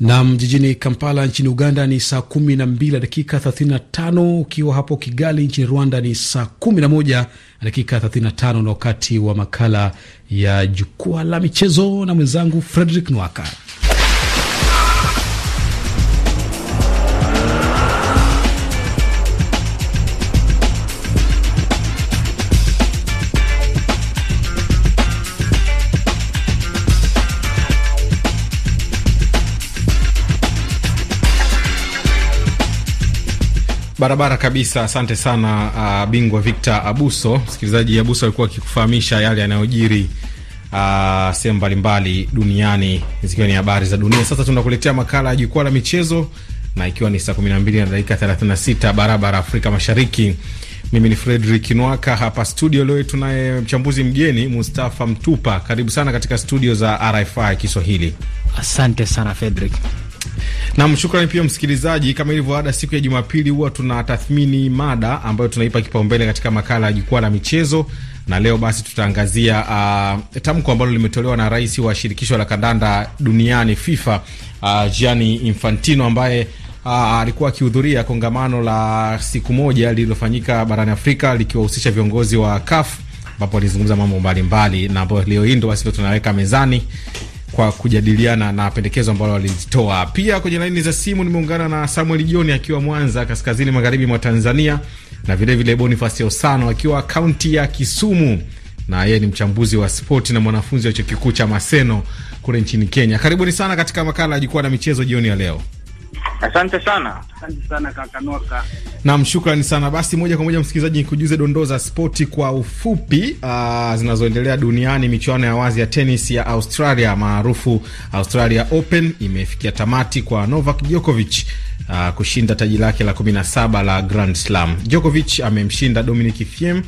Nam jijini Kampala nchini Uganda ni saa kumi na mbili na dakika 35, ukiwa hapo Kigali nchini Rwanda ni saa kumi na moja na dakika 35, na wakati wa makala ya jukwaa la michezo na mwenzangu Frederick Nwaka. Barabara kabisa, asante sana uh, bingwa Victor Abuso. Msikilizaji, Abuso alikuwa akikufahamisha yale yanayojiri uh, sehemu mbalimbali duniani zikiwa ni habari za dunia. Sasa tunakuletea makala ya jukwaa la michezo na ikiwa ni saa 12 na dakika 36 barabara Afrika Mashariki. Mimi ni Fredrick Nwaka hapa studio. Leo tunaye mchambuzi mgeni Mustafa Mtupa, karibu sana katika studio za RFI Kiswahili. Asante sana Fredrick. Nam, shukrani pia msikilizaji. Kama ilivyo ada, siku ya Jumapili huwa tuna tathmini mada ambayo tunaipa kipaumbele katika makala ya jukwaa la michezo, na leo basi tutaangazia uh, tamko ambalo limetolewa na rais wa shirikisho la kandanda duniani FIFA, uh, Gianni Infantino ambaye uh, alikuwa akihudhuria kongamano la siku moja lililofanyika barani Afrika likiwahusisha viongozi wa CAF ambapo alizungumza mambo mbalimbali, na ambayo leo hii ndo basi ndo tunaweka mezani kwa kujadiliana na pendekezo ambalo walitoa. Pia kwenye laini za simu nimeungana na Samuel Joni akiwa Mwanza, kaskazini magharibi mwa Tanzania, na vilevile Bonifasi Osano akiwa kaunti ya Kisumu, na yeye ni mchambuzi wa spoti na mwanafunzi wa chuo kikuu cha Maseno kule nchini Kenya. Karibuni sana katika makala ya Jukwaa la Michezo jioni ya leo. Asante sana, asante sana kaka Noka. Naam, shukrani sana. Basi moja kwa moja, msikilizaji, nikujuze dondoo za spoti kwa ufupi uh, zinazoendelea duniani. Michuano ya wazi ya tenis ya Australia maarufu Australia Open imefikia tamati kwa Novak Djokovic uh, kushinda taji lake la 17 la Grand Slam. Djokovic amemshinda Dominic Thiem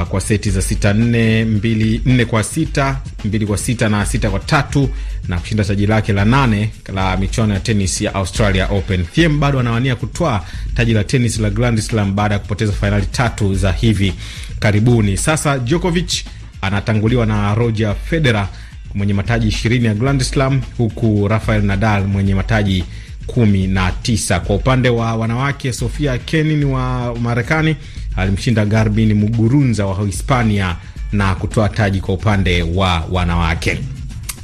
uh, kwa seti za sita nne mbili nne kwa sita mbili kwa sita na sita kwa tatu na kushinda taji lake la nane la michuano ya tenis ya Australia Open. Thiem bado anawania kutwaa taji la tenis la Grand Slam baada ya kupoteza fainali tatu za hivi karibuni. Sasa Djokovic anatanguliwa na Roger Federer mwenye mataji ishirini ya Grand Slam huku Rafael Nadal mwenye mataji kumi na tisa. Kwa upande wa wanawake, Sofia Kenin wa Marekani alimshinda Garbin Mugurunza wa Hispania na kutoa taji kwa upande wa wanawake.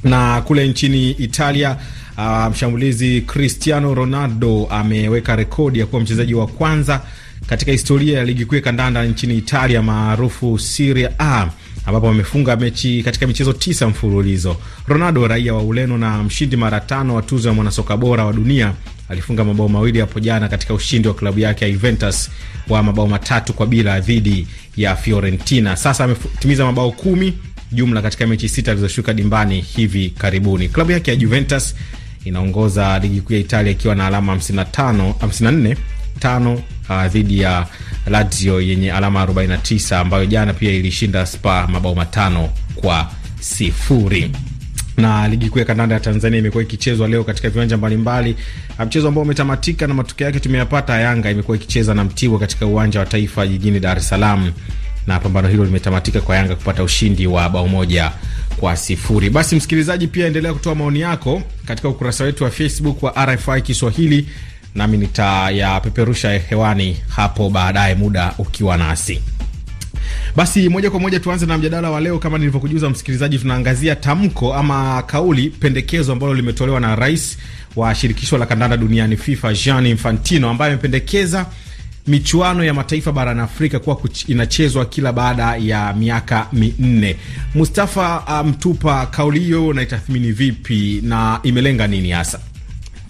Na kule nchini Italia uh, mshambulizi Cristiano Ronaldo ameweka rekodi ya kuwa mchezaji wa kwanza katika historia ya ligi kuu ya kandanda nchini Italia maarufu Serie A ambapo amefunga mechi katika michezo tisa mfululizo. Ronaldo, raia wa Ureno na mshindi mara tano wa tuzo ya mwanasoka bora wa dunia, alifunga mabao mawili hapo jana katika ushindi wa klabu yake ya Juventus wa mabao matatu kwa bila dhidi ya Fiorentina. Sasa ametimiza mabao kumi jumla katika mechi sita alizoshuka dimbani hivi karibuni. Klabu yake ya Juventus inaongoza ligi kuu ya Italia ikiwa na alama 55 54 tano uh, dhidi ya Lazio yenye alama 49 ambayo jana pia ilishinda Spa mabao matano kwa sifuri na ligi kuu ya kandanda ya Tanzania imekuwa ikichezwa leo katika viwanja mbalimbali. Mchezo ambao umetamatika na matokeo yake tumeyapata. Yanga imekuwa ikicheza na Mtibwa katika uwanja wa Taifa jijini Dar es Salaam, na pambano hilo limetamatika kwa Yanga kupata ushindi wa bao moja kwa sifuri. Basi msikilizaji, pia endelea kutoa maoni yako katika ukurasa wetu wa Facebook wa RFI Kiswahili, nami nitayapeperusha hewani hapo baadaye, muda ukiwa nasi. Basi moja kwa moja tuanze na mjadala wa leo. Kama nilivyokujuza msikilizaji, tunaangazia tamko ama kauli, pendekezo ambalo limetolewa na rais wa shirikisho la kandanda duniani FIFA jean Infantino, ambaye amependekeza michuano ya mataifa barani Afrika kuwa inachezwa kila baada ya miaka minne. Mustafa uh, Mtupa, um, kauli hiyo unaitathmini vipi na imelenga nini hasa?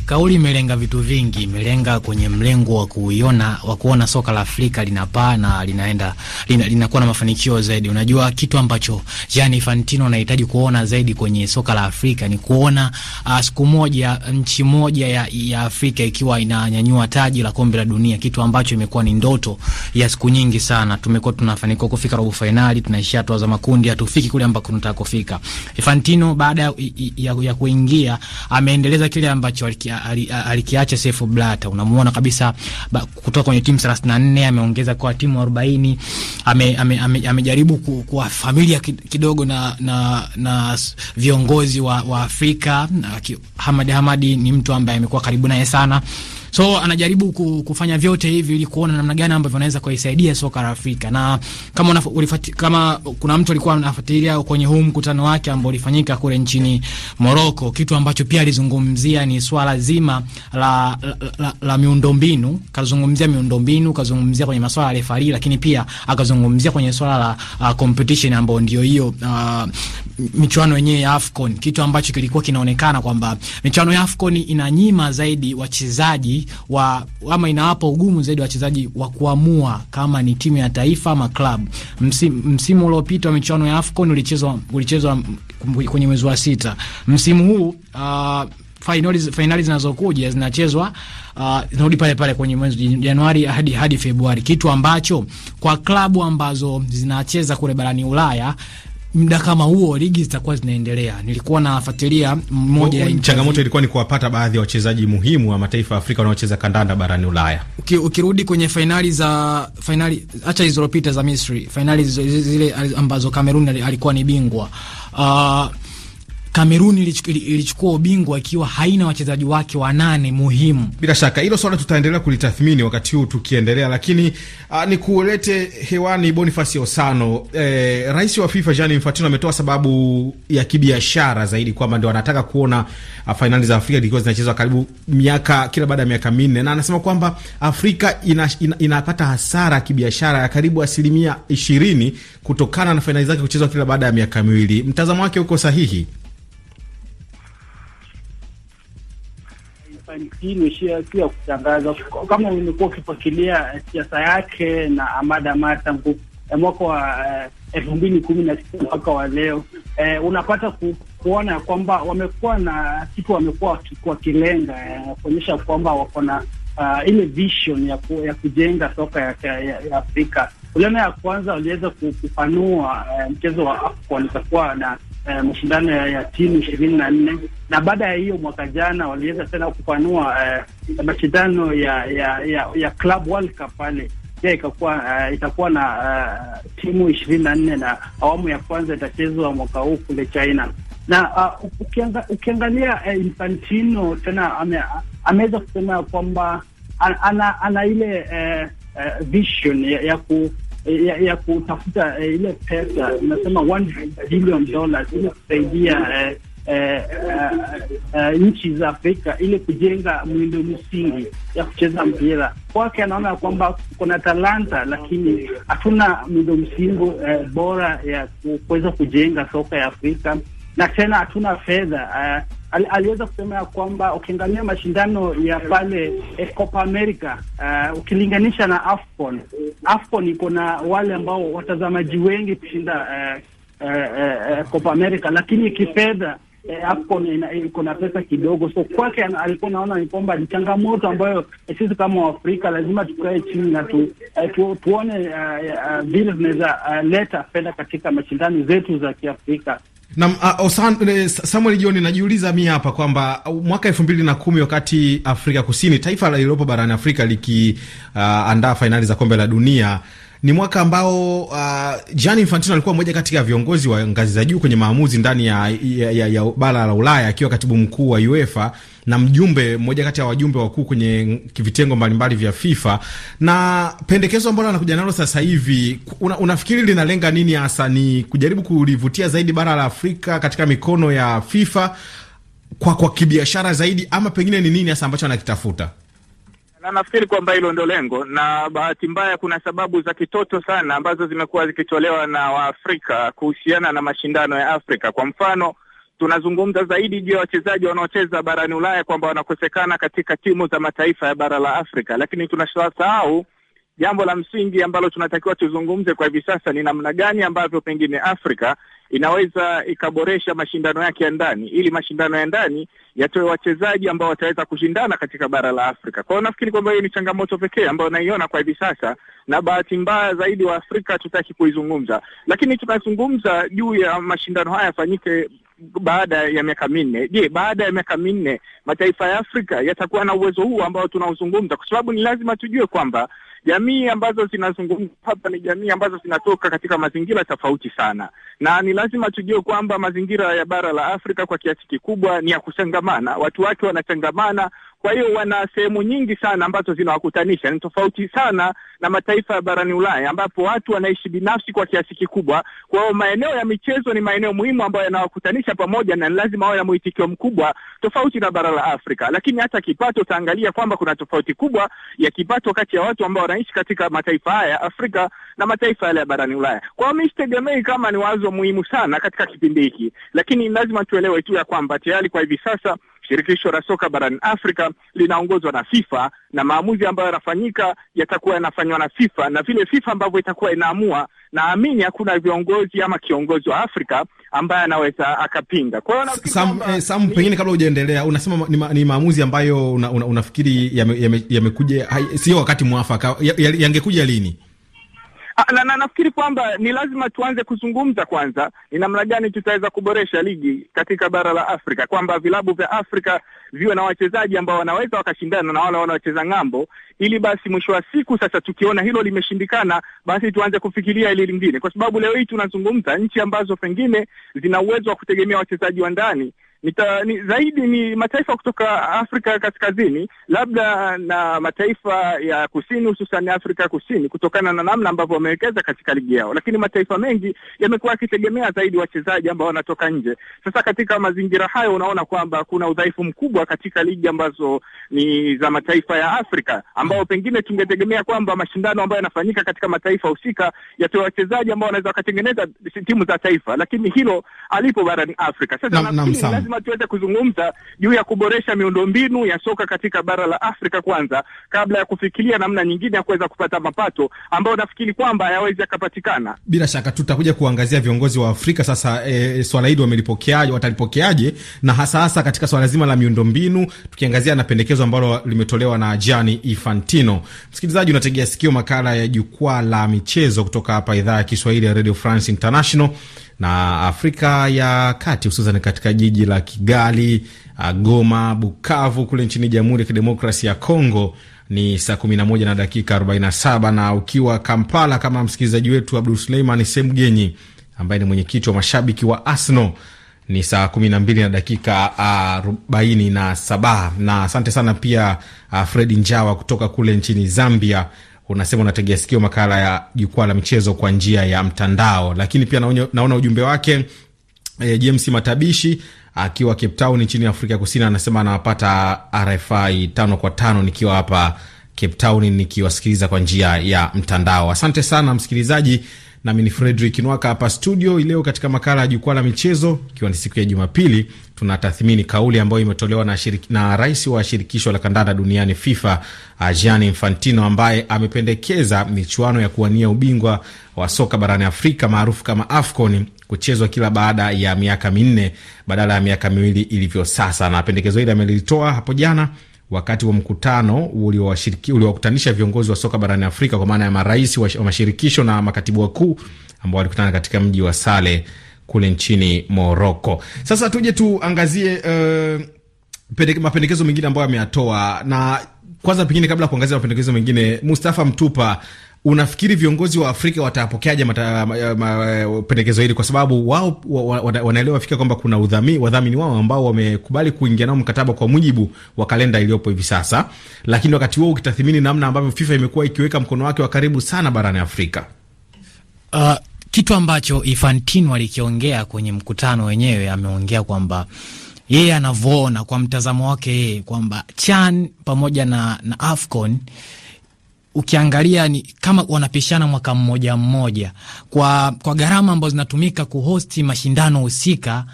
Kauli imelenga vitu vingi, imelenga kwenye mlengo wa kuiona wa kuona soka la Afrika linapaa na linaenda linakuwa na mafanikio zaidi. Unajua kitu ambacho Gianni Infantino anahitaji kuona zaidi kwenye soka la Afrika ni kuona uh, siku moja nchi moja ya, ya Afrika ikiwa inanyanyua taji la kombe la dunia, kitu ambacho imekuwa ni ndoto ya siku nyingi sana. Tumekuwa tunafanikiwa kufika robo finali, tunaishia hatua za makundi, hatufiki kule ambako tunataka kufika. Infantino baada ya, ya, ya kuingia ameendeleza kile ambacho alikia alikiacha Sefu Blata, unamuona kabisa ba, kutoka kwenye timu 34 ameongeza kwa timu 40, amejaribu ame kuwa familia kidogo na, na, na viongozi wa, wa Afrika. Hamad Hamadi ni mtu ambaye amekuwa karibu naye sana So anajaribu kufanya vyote hivi ili kuona namna gani ambavyo anaweza kuisaidia soka la Afrika. Na kama una, ulifati, kama kuna mtu alikuwa anafuatilia kwenye huu mkutano wake ambao ulifanyika kule nchini Morocco, kitu ambacho pia alizungumzia ni swala zima la la, la, la miundombinu. Kazungumzia miundombinu, kazungumzia kwenye masuala ya refari, lakini pia akazungumzia kwenye swala la uh, competition ambao ndio hiyo uh, michuano yenyewe ya AFCON, kitu ambacho kilikuwa kinaonekana kwamba michuano ya AFCON inanyima zaidi wachezaji zaidi wa ama inawapa ugumu zaidi wachezaji wa kuamua kama ni timu ya taifa ama klabu. Msimu, msimu uliopita wa michuano ya AFCON ulichezwa ulichezwa kwenye mwezi wa sita. Msimu huu uh, fainali fainali zinazokuja zinachezwa uh, zinarudi pale pale kwenye mwezi Januari hadi hadi Februari, kitu ambacho kwa klabu ambazo zinacheza kule barani Ulaya muda kama huo ligi zitakuwa zinaendelea. Nilikuwa nafuatilia mmoja ya changamoto ilikuwa ni kuwapata baadhi ya wachezaji muhimu wa mataifa ya Afrika wanaocheza kandanda barani Ulaya. Ukirudi kwenye fainali za fainali, acha hizo zilizopita za Misri, fainali zile ambazo Kamerun alikuwa ni bingwa uh, Kamerun ilichukua ubingwa ikiwa haina wachezaji wake wanane muhimu. Bila shaka hilo swala tutaendelea kulitathmini wakati huu tukiendelea, lakini uh, ni kuulete hewani Bonifasi Osano. Eh, rais wa FIFA Gianni Infantino ametoa sababu ya kibiashara zaidi kwamba ndio anataka kuona fainali za Afrika zikiwa zinachezwa karibu miaka kila baada ya miaka minne, na anasema kwamba Afrika ina, ina, inapata hasara ya kibiashara ya karibu asilimia ishirini kutokana na fainali zake kuchezwa kila baada ya miaka miwili. Mtazamo wake uko sahihi. ni ishia si ya kutangaza kama umekuwa ukifuatilia eh, siasa yake na Amada tangu eh, mwaka wa eh, elfu mbili kumi na sita mpaka wa leo eh, unapata ku, kuona ya kwamba wamekuwa na kitu wamekuwa wakilenga eh, kuonyesha kwamba wako na uh, ile vision ya, ku, ya kujenga soka ya, ya, ya Afrika. Uliona ya kwanza waliweza kupanua eh, mchezo wa AFCON itakuwa na eh, mashindano ya, ya timu ishirini na nne na baada ya hiyo mwaka jana waliweza tena kupanua eh, mashindano ya ya, ya ya Club World Cup pale pia ikakuwa uh, itakuwa na uh, timu ishirini na nne na awamu ya kwanza itachezwa mwaka huu kule China na uh, ukianga, ukiangalia uh, Infantino tena ame, ameweza kusema kwamba ana, ana, ana ile uh, uh, vision ya, ya ku Eh, ya, ya kutafuta eh, ile pesa inasema 1 billion dollars ili kusaidia eh eh, eh, eh, nchi za Afrika ili kujenga mwindo msingi ya kucheza mpira. Kwake anaona kwamba kuna talanta, lakini hatuna mwindo msingi eh, bora ya kuweza kujenga soka ya Afrika na tena hatuna fedha eh, al, aliweza kusema ya kwamba ukiangalia mashindano ya pale eh, Copa America uh, ukilinganisha na AFCON, AFCON iko na wale ambao watazamaji wengi kushinda eh, eh, eh, eh Copa America, lakini kifedha eh, AFCON iko na pesa kidogo, so kwake alikuwa naona ni kwamba ni changamoto ambayo eh, sisi kama Waafrika lazima tukae chini na tu, eh, tu, tuone vile uh, uh, tunaweza leta fedha katika mashindano zetu za Kiafrika. Na uh, oh, eh, Samuel John, najiuliza mi hapa kwamba uh, mwaka elfu mbili na kumi wakati Afrika Kusini, taifa lililopo barani Afrika likiandaa uh, fainali za kombe la dunia ni mwaka ambao uh, Gianni Infantino alikuwa mmoja kati ya viongozi wa ngazi za juu kwenye maamuzi ndani ya, ya, ya, ya bara la Ulaya akiwa katibu mkuu wa UEFA na mjumbe mmoja kati ya wajumbe wakuu kwenye vitengo mbalimbali vya FIFA, na pendekezo ambalo anakuja nalo sasa hivi una, unafikiri linalenga nini hasa? Ni kujaribu kulivutia zaidi bara la Afrika katika mikono ya FIFA kwa, kwa kibiashara zaidi, ama pengine ni nini hasa ambacho anakitafuta? Na nafikiri kwamba hilo ndio lengo, na bahati mbaya kuna sababu za kitoto sana ambazo zimekuwa zikitolewa na Waafrika kuhusiana na mashindano ya Afrika. Kwa mfano tunazungumza zaidi juu ya wachezaji wanaocheza barani Ulaya kwamba wanakosekana katika timu za mataifa ya bara la Afrika, lakini tunasahau jambo la msingi ambalo tunatakiwa tuzungumze kwa hivi sasa ni namna gani ambavyo pengine Afrika inaweza ikaboresha mashindano yake ya ndani ili mashindano ya ndani yatoe wachezaji ambao wataweza kushindana katika bara la Afrika. Kwa hiyo nafikiri kwamba hiyo ni changamoto pekee ambayo naiona kwa hivi sasa, na bahati mbaya zaidi wa Afrika hatutaki kuizungumza, lakini tunazungumza juu ya mashindano haya yafanyike baada ya miaka minne. Je, baada ya miaka minne mataifa ya Afrika yatakuwa na uwezo huu ambao tunaozungumza? Kwa sababu ni lazima tujue kwamba jamii ambazo zinazungumza hapa ni jamii ambazo zinatoka katika mazingira tofauti sana, na ni lazima tujue kwamba mazingira ya bara la Afrika kwa kiasi kikubwa ni ya kuchangamana, watu wake wanachangamana, kwa hiyo wana sehemu nyingi sana ambazo zinawakutanisha, ni tofauti sana na mataifa ya barani Ulaya ambapo watu wanaishi binafsi kwa kiasi kikubwa. Kwa hiyo maeneo ya michezo ni maeneo muhimu ambayo yanawakutanisha pamoja, na lazima wawe na mwitikio mkubwa, tofauti na bara la Afrika. Lakini hata kipato, utaangalia kwamba kuna tofauti kubwa ya kipato kati ya watu ambao wanaishi katika mataifa haya ya Afrika na mataifa yale ya barani Ulaya. Kwa hiyo mimi sitegemei kama ni wazo muhimu sana katika kipindi hiki, lakini lazima tuelewe tu ya kwamba tayari kwa hivi sasa Shirikisho la soka barani Afrika linaongozwa na FIFA na maamuzi ambayo yanafanyika yatakuwa yanafanywa na FIFA na vile FIFA ambavyo itakuwa inaamua, naamini hakuna viongozi ama kiongozi wa Afrika ambaye anaweza akapinga. Kwa hiyo Sam, eh, Sam, pengine kabla hujaendelea, unasema ni, ma, ni maamuzi ambayo una, una, unafikiri yamekuja yame, yame sio wakati mwafaka, yangekuja ya, ya lini? Ah, na, na nafikiri kwamba ni lazima tuanze kuzungumza kwanza ni namna gani tutaweza kuboresha ligi katika bara la Afrika, kwamba vilabu vya Afrika viwe na wachezaji ambao wanaweza wakashindana na wale wanaocheza ng'ambo, ili basi mwisho wa siku sasa, tukiona hilo limeshindikana, basi tuanze kufikiria ili lingine, kwa sababu leo hii tunazungumza nchi ambazo pengine zina uwezo wa kutegemea wachezaji wa ndani nita, ni, zaidi ni mataifa kutoka Afrika kaskazini labda na mataifa ya kusini, hususan Afrika kusini kutokana na namna ambavyo wamewekeza katika ligi yao, lakini mataifa mengi yamekuwa yakitegemea zaidi wachezaji ambao wanatoka nje. Sasa katika mazingira hayo, unaona kwamba kuna udhaifu mkubwa katika ligi ambazo ni za mataifa ya Afrika, ambao pengine tungetegemea kwamba mashindano ambayo yanafanyika katika mataifa husika yatoe wachezaji ambao wanaweza wakatengeneza timu za taifa, lakini hilo alipo barani Afrika sasa lazima tuende kuzungumza juu ya kuboresha miundombinu ya soka katika bara la Afrika kwanza, kabla ya kufikiria namna nyingine ya kuweza kupata mapato ambayo nafikiri kwamba hayawezi yakapatikana. Bila shaka tutakuja kuangazia viongozi wa Afrika sasa, e, e, swala hili wamelipokeaje, watalipokeaje, na hasa hasa katika swala zima la miundombinu, tukiangazia na pendekezo ambalo limetolewa na Gianni Infantino. Msikilizaji, unategea sikio makala ya jukwaa la michezo kutoka hapa idhaa ya Kiswahili ya Radio France International na Afrika ya Kati, hususan katika jiji la Kigali, uh, Goma, Bukavu kule nchini Jamhuri ya Kidemokrasi ya Kongo ni saa 11 na dakika 47, na ukiwa Kampala, kama msikilizaji wetu Abdul Suleiman Semgenyi ambaye ni mwenyekiti wa mashabiki wa Arsenal ni saa 12 na dakika 47. Na asante sana pia uh, Fredi Njawa kutoka kule nchini Zambia unasema unategea sikio makala ya jukwaa la michezo kwa njia ya mtandao, lakini pia naona ujumbe wake e, James Matabishi akiwa Cape Town nchini Afrika Kusini, anasema anawapata RFI tano kwa tano nikiwa hapa Cape Town nikiwasikiliza kwa njia ya mtandao. Asante sana msikilizaji nami ni Fredrik Nwaka hapa studio. ileo katika makala ya jukwaa la michezo, ikiwa ni siku ya Jumapili, tunatathmini kauli ambayo imetolewa na, na rais wa shirikisho la kandanda duniani FIFA uh, Gianni Infantino ambaye amependekeza michuano ya kuwania ubingwa wa soka barani Afrika maarufu kama AFCON kuchezwa kila baada ya miaka minne badala ya miaka miwili ilivyo sasa, na pendekezo hili amelitoa hapo jana wakati wa mkutano uliowakutanisha viongozi wa soka barani Afrika kwa maana ya marais wa mashirikisho na makatibu wakuu ambao walikutana katika mji wa Sale kule nchini Moroko. Sasa tuje tuangazie uh, mapendekezo mengine ambayo ameyatoa na kwanza, pengine kabla ya kuangazia mapendekezo mengine, Mustafa Mtupa Unafikiri viongozi wa Afrika watapokeaje pendekezo hili, kwa sababu wao wanaelewa fika kwamba kuna wadhamini wao ambao wamekubali kuingia nao mkataba kwa mujibu wa kalenda iliyopo hivi sasa, lakini wakati huo ukitathimini namna ambavyo FIFA imekuwa ikiweka mkono wake wa karibu sana barani Afrika uh, kitu ambacho Infantino alikiongea kwenye mkutano wenyewe, ameongea kwamba yeye anavyoona kwa mtazamo wake yeye kwamba CHAN pamoja na, na AFCON ukiangalia ni kama wanapishana mwaka mmoja mmoja kwa, kwa gharama ambazo zinatumika kuhosti mashindano husika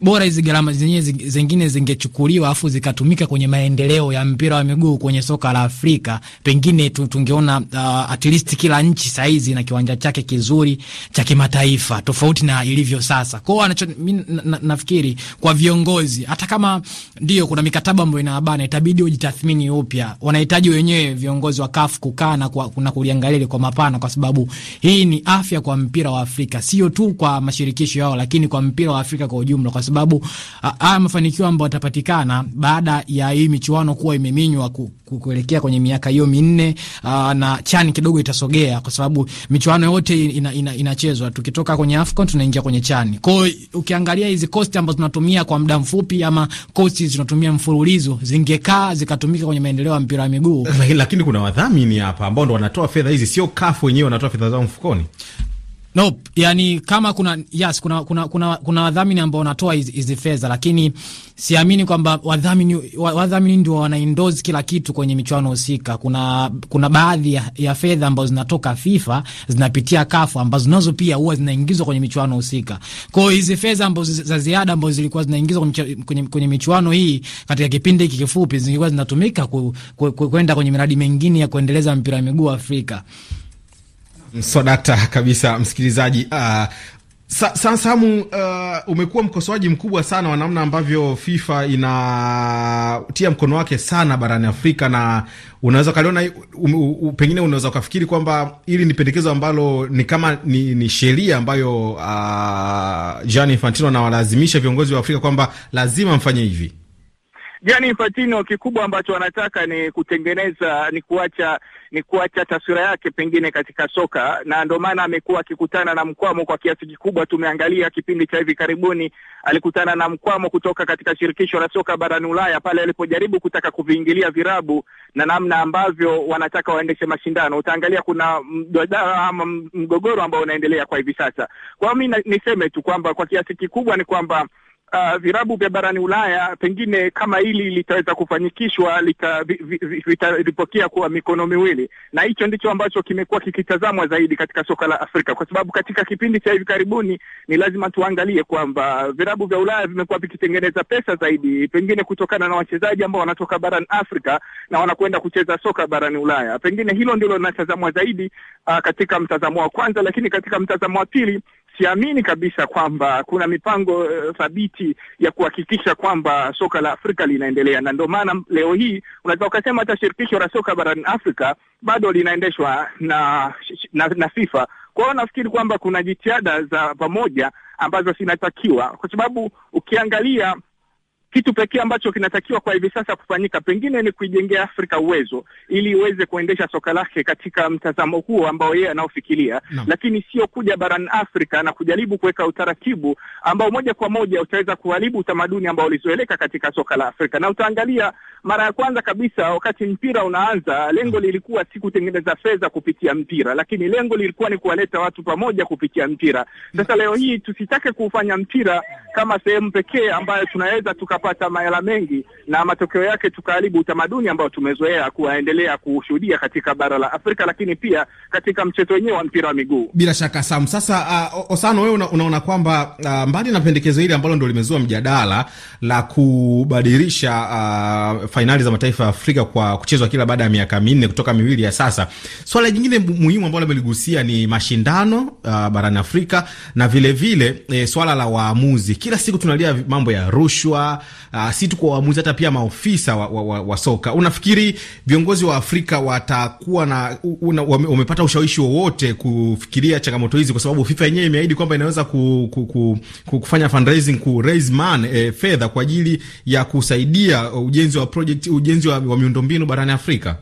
bora hizi gharama zenyewe zingine zingechukuliwa afu zikatumika kwenye maendeleo ya mpira wa miguu kwenye soka la Afrika, pengine tu, tungeona uh, at least kila nchi saizi na kiwanja chake kizuri cha kimataifa tofauti na ilivyo sasa. Kwa hiyo anacho nafikiri kwa viongozi, hata kama ndio kuna mikataba ambayo inabana, itabidi ujitathmini upya. Wanahitaji wenyewe viongozi wa CAF kukaa na kuna kuliangalia kwa mapana, kwa sababu hii ni afya kwa mpira wa Afrika, sio tu kwa mashirikisho yao, lakini kwa mpira wa Afrika kwa ujumla kwa sababu haya mafanikio ambayo yatapatikana baada ya hii michuano kuwa imeminywa kuelekea kwenye miaka hiyo minne, na chani kidogo itasogea, kwa sababu michuano yote inachezwa, ina, ina tukitoka kwenye AFCON tunaingia kwenye chani. Kwa hiyo ukiangalia hizi kosti ambazo tunatumia kwa muda mfupi ama kosti zinatumia mfululizo, zingekaa zikatumika kwenye maendeleo ya mpira wa miguu, lakini kuna wadhamini hapa ambao ndo wanatoa fedha hizi, sio kafu wenyewe wanatoa fedha zao mfukoni. Nope. Yani kama kuna yes, kuna kuna kuna, kuna wadhamini ambao wanatoa hizi fedha, lakini siamini kwamba wadhamini wadhamini ndio wanaendorse kila kitu kwenye michuano husika. Kuna kuna baadhi ya, ya fedha ambazo zinatoka FIFA zinapitia CAF ambazo nazo pia huwa zinaingizwa kwenye michuano husika. Kwa hiyo hizi fedha ambazo za ziada ambazo zilikuwa zinaingizwa kwenye, kwenye kwenye michuano hii katika kipindi hiki kifupi zilikuwa zinatumika kwenda ku, ku, ku, kwenye miradi mingine ya kuendeleza mpira wa miguu Afrika. Swadakta kabisa, msikilizaji. Uh, sa, sa, Samu, uh, umekuwa mkosoaji mkubwa sana wa namna ambavyo FIFA inatia mkono wake sana barani Afrika na unaweza ukaliona pengine, unaweza ukafikiri kwamba hili ni pendekezo ambalo ni kama ni, ni sheria ambayo uh, Gianni Infantino anawalazimisha viongozi wa Afrika kwamba lazima mfanye hivi. Gianni Infantino kikubwa ambacho wanataka ni kutengeneza, ni kuacha, ni kuacha taswira yake pengine katika soka, na ndio maana amekuwa akikutana na mkwamo kwa kiasi kikubwa. Tumeangalia kipindi cha hivi karibuni, alikutana na mkwamo kutoka katika shirikisho la soka barani Ulaya pale alipojaribu kutaka kuviingilia virabu na namna ambavyo wanataka waendeshe mashindano. Utaangalia kuna mdodao ama mgogoro ambao unaendelea kwa hivi sasa. Kwa mi niseme tu kwamba kwa kiasi kikubwa ni kwamba uh, virabu vya barani Ulaya pengine kama hili litaweza kufanyikishwa vitaripokea vi, kuwa mikono miwili, na hicho ndicho ambacho kimekuwa kikitazamwa zaidi katika soka la Afrika, kwa sababu katika kipindi cha hivi karibuni ni lazima tuangalie kwamba virabu vya Ulaya vimekuwa vikitengeneza pesa zaidi, pengine kutokana na wachezaji ambao wanatoka barani Afrika na wanakwenda kucheza soka barani Ulaya. Pengine hilo ndilo linatazamwa zaidi uh, katika mtazamo wa kwanza, lakini katika mtazamo wa pili siamini kabisa kwamba kuna mipango eh, thabiti uh, ya kuhakikisha kwamba soka la Afrika linaendelea, na ndio maana leo hii unajua ukasema hata shirikisho la soka barani Afrika bado linaendeshwa na, na, na FIFA. Kwa nafikiri kwamba kuna jitihada za pamoja ambazo zinatakiwa, kwa sababu ukiangalia kitu pekee ambacho kinatakiwa kwa hivi sasa kufanyika pengine ni kuijengea Afrika uwezo ili iweze kuendesha soka lake katika mtazamo huo ambao yeye anaofikiria no. Lakini sio kuja barani Afrika na kujaribu kuweka utaratibu ambao moja kwa moja utaweza kuharibu utamaduni ambao ulizoeleka katika soka la Afrika. Na utaangalia mara ya kwanza kabisa wakati mpira unaanza, lengo lilikuwa si kutengeneza fedha kupitia mpira, lakini lengo lilikuwa ni kuwaleta watu pamoja kupitia mpira. Sasa leo hii tusitake kufanya mpira kama sehemu pekee ambayo tunaweza tukapata mahela mengi na matokeo yake tukaharibu utamaduni ambao tumezoea kuwaendelea kushuhudia katika bara la Afrika, lakini pia katika mchezo wenyewe wa mpira wa miguu. Bila shaka Sam, sasa uh, Osano wewe una, unaona kwamba uh, mbali na pendekezo hili ambalo ndio limezua mjadala la kubadilisha uh, fainali za mataifa ya Afrika kwa kuchezwa kila baada ya miaka minne kutoka miwili ya sasa, swala jingine muhimu ambalo limeligusia ni mashindano uh, barani Afrika na vilevile vile, eh, swala la waamuzi kila siku tunalia mambo ya rushwa, uh, si tu kwa waamuzi, hata pia maofisa wa, wa, wa, wa soka. Unafikiri viongozi wa Afrika watakuwa na una, wamepata ushawishi wowote kufikiria changamoto hizi, kwa sababu FIFA yenyewe imeahidi kwamba inaweza ku, ku, ku, ku, kufanya fundraising ku raise man eh, fedha kwa ajili ya kusaidia ujenzi wa project, ujenzi wa, wa miundombinu barani Afrika.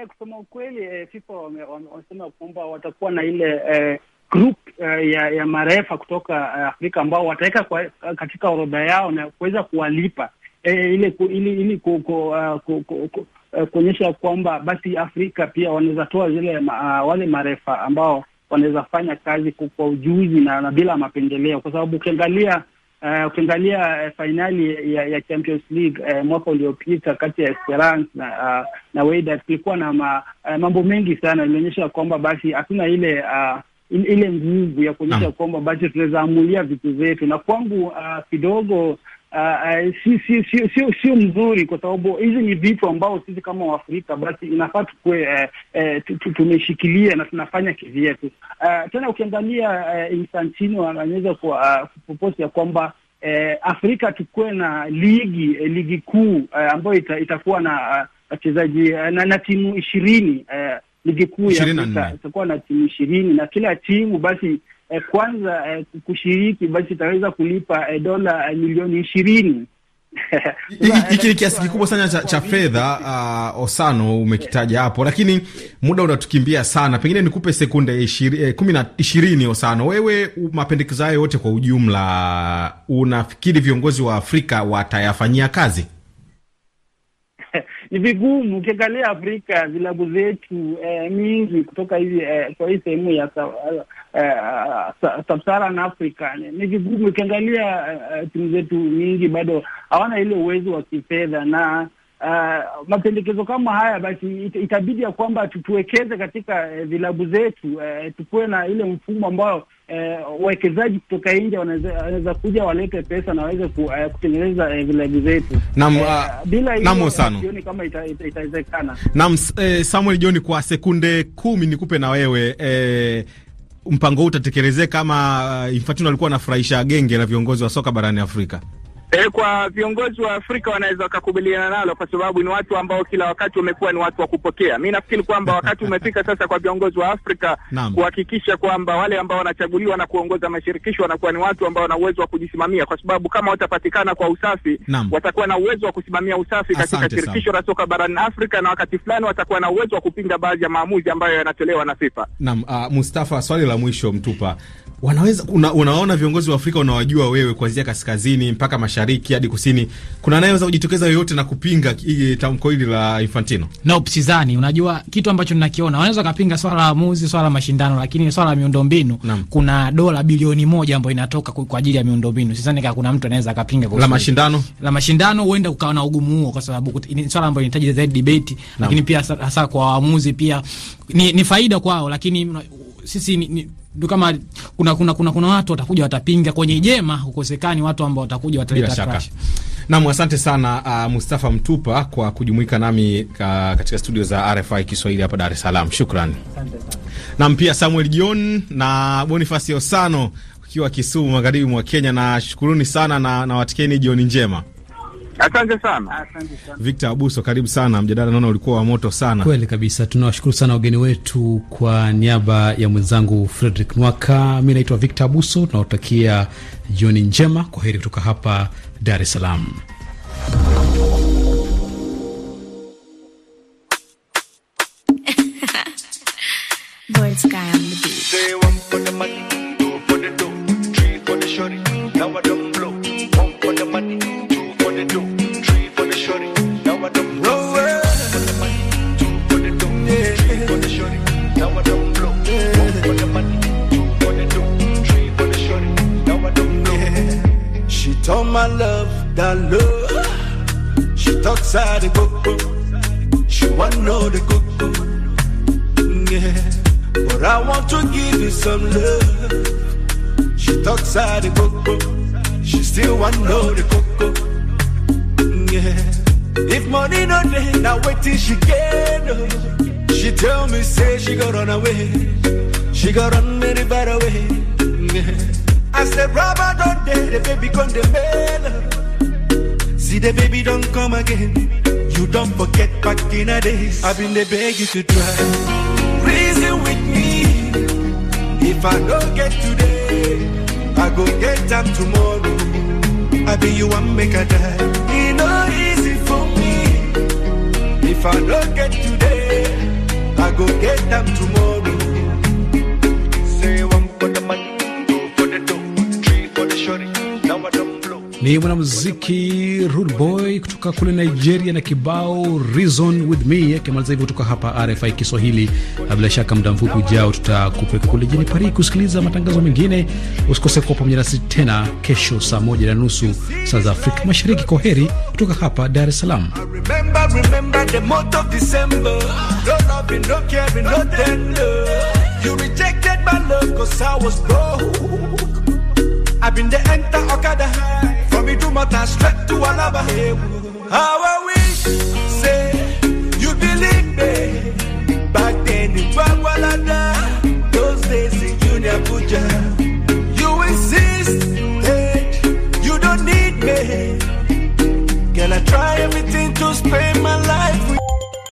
Eh, kusema ukweli eh, FIFA wamesema kwamba watakuwa na ile eh, group uh, ya, ya marefa kutoka eh, Afrika ambao wataweka katika orodha yao na kuweza kuwalipa e, ili ili kuonyesha ku, ku, ku, ku, kwamba basi Afrika pia wanaweza toa zile uh, wale marefa ambao wanaweza fanya kazi kwa ujuzi na, na bila mapendeleo, kwa sababu ukiangalia uh, ukiangalia uh, fainali ya, ya Champions League uh, mwaka uliopita kati ya Esperance na uh, na Wydad kulikuwa na ma, uh, mambo mengi sana, ilionyesha kwamba basi hatuna ile uh, ile nguvu ya kuonyesha kwamba bado tunaweza amulia vitu zetu na kwangu uh, kidogo uh, uh, sio mzuri, kwa sababu hizi ni vitu ambao sisi kama Waafrika basi inafaa tukue tumeshikilia na tunafanya kivyetu. Tena ukiangalia Infantino anaweza uh, ya kwamba Afrika tukuwe na ligi ligi kuu ambayo itakuwa na wachezaji na timu ishirini ligi kuu itakuwa na timu ishirini na kila timu basi eh, kwanza eh, kushiriki basi itaweza kulipa eh, dola eh, milioni ishirini. Hiki ni kiasi kikubwa sana cha, cha fedha uh, Osano umekitaja hapo, lakini muda unatukimbia sana, pengine nikupe sekunde ishiri, eh, kumi na ishirini. Osano, wewe mapendekezo hayo yote kwa ujumla, unafikiri viongozi wa Afrika watayafanyia kazi? ni vigumu. Ukiangalia Afrika vilabu zetu eh, mingi kutoka hivi eh, kwa hii sehemu ya eh, Sub-Saharan Africa ni vigumu. Ukiangalia eh, eh, timu zetu nyingi bado hawana ile uwezo wa kifedha na uh, mapendekezo kama haya basi it, itabidi ya kwamba tuwekeze katika uh, vilabu zetu uh, tukuwe na ile mfumo ambao eh, wawekezaji uh, kutoka nje wanaweza kuja walete pesa na waweze ku, uh, kutengeneza uh, vilabu zetu nam, uh, ah, bila hiyo sioni kama itawezekana. Nam eh, Samuel John, kwa sekunde kumi nikupe na wewe eh, mpango huu utatekelezeka kama uh, ah, Infantino alikuwa anafurahisha genge la viongozi wa soka barani Afrika? E, kwa viongozi wa Afrika wanaweza wakakubaliana nalo kwa sababu ni watu ambao kila wakati wamekuwa ni watu wa kupokea. Mi nafikiri kwamba wakati umefika sasa kwa viongozi wa Afrika kuhakikisha kwamba wale ambao wanachaguliwa na kuongoza mashirikisho wanakuwa ni watu ambao wana uwezo wa kujisimamia, kwa sababu kama watapatikana kwa usafi Naam. watakuwa na uwezo wa kusimamia usafi katika Asante shirikisho la soka barani Afrika, na wakati fulani watakuwa na uwezo wa kupinga baadhi ya maamuzi ambayo yanatolewa na FIFA. Naam, uh, Mustafa, swali la mwisho mtupa wanaweza una, unaona viongozi wa Afrika unawajua wewe kuanzia kaskazini mpaka mashariki hadi kusini, kuna anayeweza kujitokeza yoyote na kupinga tamko hili la Infantino? Na upsizani, unajua kitu ambacho ninakiona, wanaweza kupinga swala la amuzi, swala la mashindano, lakini swala la miundombinu, kuna dola bilioni moja ambayo inatoka kwa ajili ya miundombinu. Sidhani kama kuna mtu anaweza kupinga kwa la mashindano. La mashindano huenda ukawa na ugumu huo, kwa sababu ni swala ambayo inahitaji zaidi debate, lakini pia hasa kwa waamuzi pia ni, ni faida kwao, lakini sisi ni, ni, ndio kama kuna kuna kuna kuna watu watakuja watapinga kwenye jema, ukosekani watu ambao watakuja wataleta crash. Naam, asante sana uh, Mustafa Mtupa kwa kujumuika nami uh, katika studio za RFI Kiswahili hapa Dar es Salaam. Shukrani. Naam, pia Samuel John na Boniface Osano ukiwa Kisumu magharibi mwa Kenya na shukuruni sana na, na watikeni jioni njema. Asante sana. Asante sana. Victor Abuso, karibu sana. Mjadala naona ulikuwa wa moto sana. Kweli kabisa. Tunawashukuru sana wageni wetu kwa niaba ya mwenzangu Frederick Nwaka. mi naitwa Victor Abuso. Tunawatakia jioni njema. Kwa heri kutoka hapa Dar es Salaam. my love, that love. She talks out the cocoa. She want know the coco. Yeah. But I want to give you some love. She talks out the cocoa. She still want know the coco. Yeah. If money no day, now wait till she get Oh. She tell me, say she got run away. She got run me far away. Yeah. As the brother don't dare, the baby come the bell. See the baby don't come again. You don't forget back in the days. I've been the beg you to try. Reason with me. If I don't get today, I go get time tomorrow. I be you one make a die. It no easy for me. If I don't get today, I go get time tomorrow. ni mwanamuziki Rude Boy kutoka kule Nigeria na kibao Reason with me, akimaliza hivyo kutoka hapa RFI Kiswahili. Bila shaka muda mfupi ujao tutakupeka kule jini Paris kusikiliza matangazo mengine. Usikose kuwa pamoja nasi tena kesho saa moja na nusu saa za Afrika Mashariki. Kwa heri kutoka hapa Dar es Salaam. do matter straight to another. How I wish, say you believe me? Back then in Bagwalada, those days in Junior Puja, you insist hey, you don't need me. Can I try everything to spend my life?